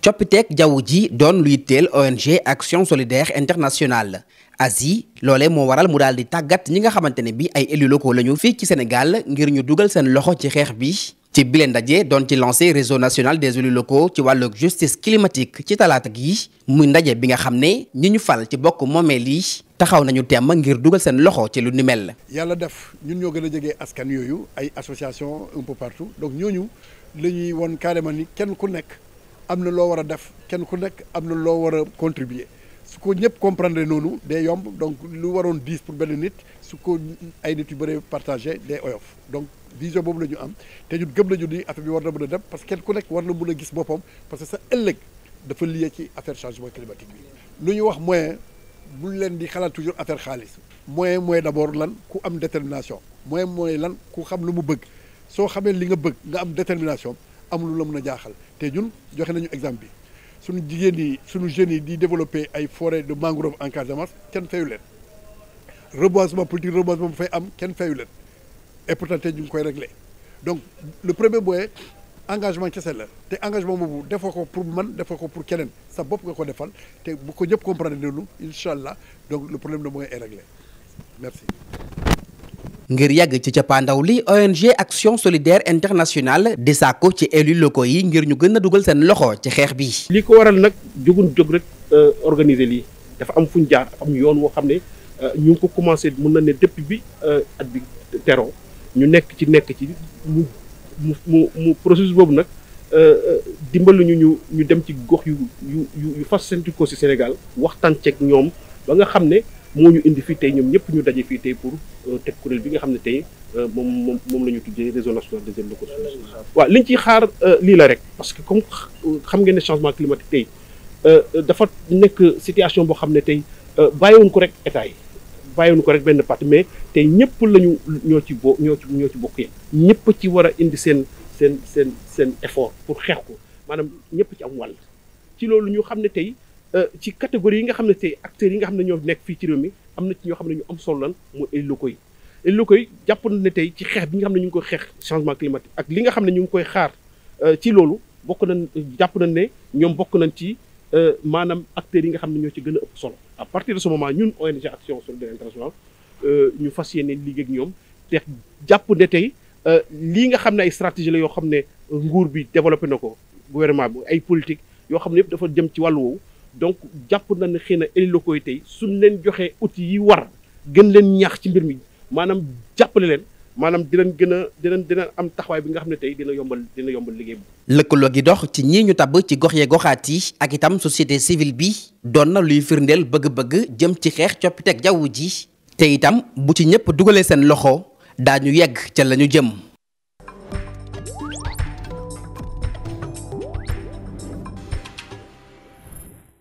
coppiteek jaww ji doon luy teel ONG Action solidaire internationale ASI loole moo waral mu daal di tàggat ñi nga xamante ne bi ay élus locaux lañu fii ci senegal ngir ñu dugal seen loxo ci xeex bi ci bile ndaje doon ci lancé réseau national des élus locaux ci wàllu justice climatique ci talaata gi muy ndaje bi nga xam ne ñi ñu fal ci bokk moomeel yi taxaw nañu temm ngir dugal seen loxo ci lu ni mel. yàlla def ñun ñoo gën a jege askan yooyu ay association un peu partout donc ñooñu la ñuy won carrément ni kenn ku nekk am na loo war a def kenn ku nekk am na loo war a contribuer. su ko ñëpp comprendre noonu day yomb donc lu waroon biis pour benn nit su ko ay nit yu bëree partagé day oyof donc vision boobu la ñu am te ñun gëm nañu ni affaire bi war na mën a dem parce que kenn ku nekk war na mun a gis boppam parce que sa ëllëg dafa lié ci affaire changement climatique bi. lu ñu wax moyen bu leen di xalaat toujours affaire xaalis moyen mooy d'abord lan ku am détermination moyen mooy lan ku xam lu mu bëgg soo xamee li nga bëgg nga am détermination am lu a jaaxal te ñun joxe nañu exemple bi. suñu jigéen yi suñu jeunes yi di développer ay forêt de mangrove en Casamance kenn fayu leen reboisement politique reboisement bu fay am kenn fayu leen et pourtant tey ñu ngi koy régler donc le premier moyen engagement kese la te engagement bu defoo ko pour man defoo ko pour keneen sa bopp nga ko defal te bu ko ñëpp comprendre noonu incha allah donc le problème de moyen est réglé merci ngir yàgg ci ca cappaandaw li ONG Action Solidaire Internationale di sàkku ci élus yi ngir ñu gën a dugal seen loxo ci xeex bi. li ko waral nag jógun jóg rek euh, organiser lii dafa am fuñ jaar am yoon woo xam ne euh, ñu ngi ko commencé mun na ne depuis bi euh, at bi teroo ñu nekk ci nekk ci mu mu mu processus boobu nag. dimbali ñu ñu ñu dem ci gox yu yu yu fas seen ko ci Sénégal waxtaan ceek ñoom ba nga xam ne moo ñu indi fii tey ñoom ñëpp ñu daje fii tey pour euh, teg kuréel bi nga xam ne tey euh, moom moom moom la ñu tuddee réseau national des élus locaux. waaw liñ ciy xaar euh, lii la rek parce que comme xam ngeen ne changement climatique tey dafa nekk situation boo xam ne tey bàyyiwuñ ko rek état yi nu ko rek benn parti mais tey ñëpp lañu ñoo ci bo ñoo ci ñoo bokk yéen. ñëpp ci war a indi seen seen seen seen effort pour xeex ko maanaam ñëpp ci am wàll ci loolu ñu xam ne tey. Euh, ci catégorie yi nga xam ne tey acteurs yi nga xam ne ñoo nekk fii ci réew mi am na ñoo xam ne ñu am solo lan mooy ay locaux yi ay locaux yi na ne tey ci xeex bi nga xam ne ñu koy xeex changement climatique ak li nga xam ne ñu ngi koy xaar euh, ci loolu bokk nañ jàpp nañ ne ñoom bokk nañ ci euh, maanaam acteurs yi nga xam ne ñoo ci gën a ëpp solo à partir de ce ñun ONG Action solidaire internationale ñu fas yéene liggéey ak ñoom te jàpp ne tey lii nga xam ne ay stratégie la yoo xam ne nguur bi développé na ko gouvernement bi ay politique yoo xam ne yëpp dafa jëm ci wàllu woowu donc jàpp na ne xëy na élus locaux yi tey leen joxee outils yi war gën leen ñax ci mbir mi maanaam jàppale leen maanaam dinañ gën a dinañ dina am taxawaay bi nga xam ne tey dina yombal dina yombal liggéey bi. lëkkaloo gi dox ci ñii ñu tabb ci gox yee goxaat yi ak itam société civile bi doon na luy firndeel bëgg-bëgg jëm ci xeex coppiteek jaww ji te itam bu ci ñëpp dugalee seen loxo daañu yegg ca la ñu jëm.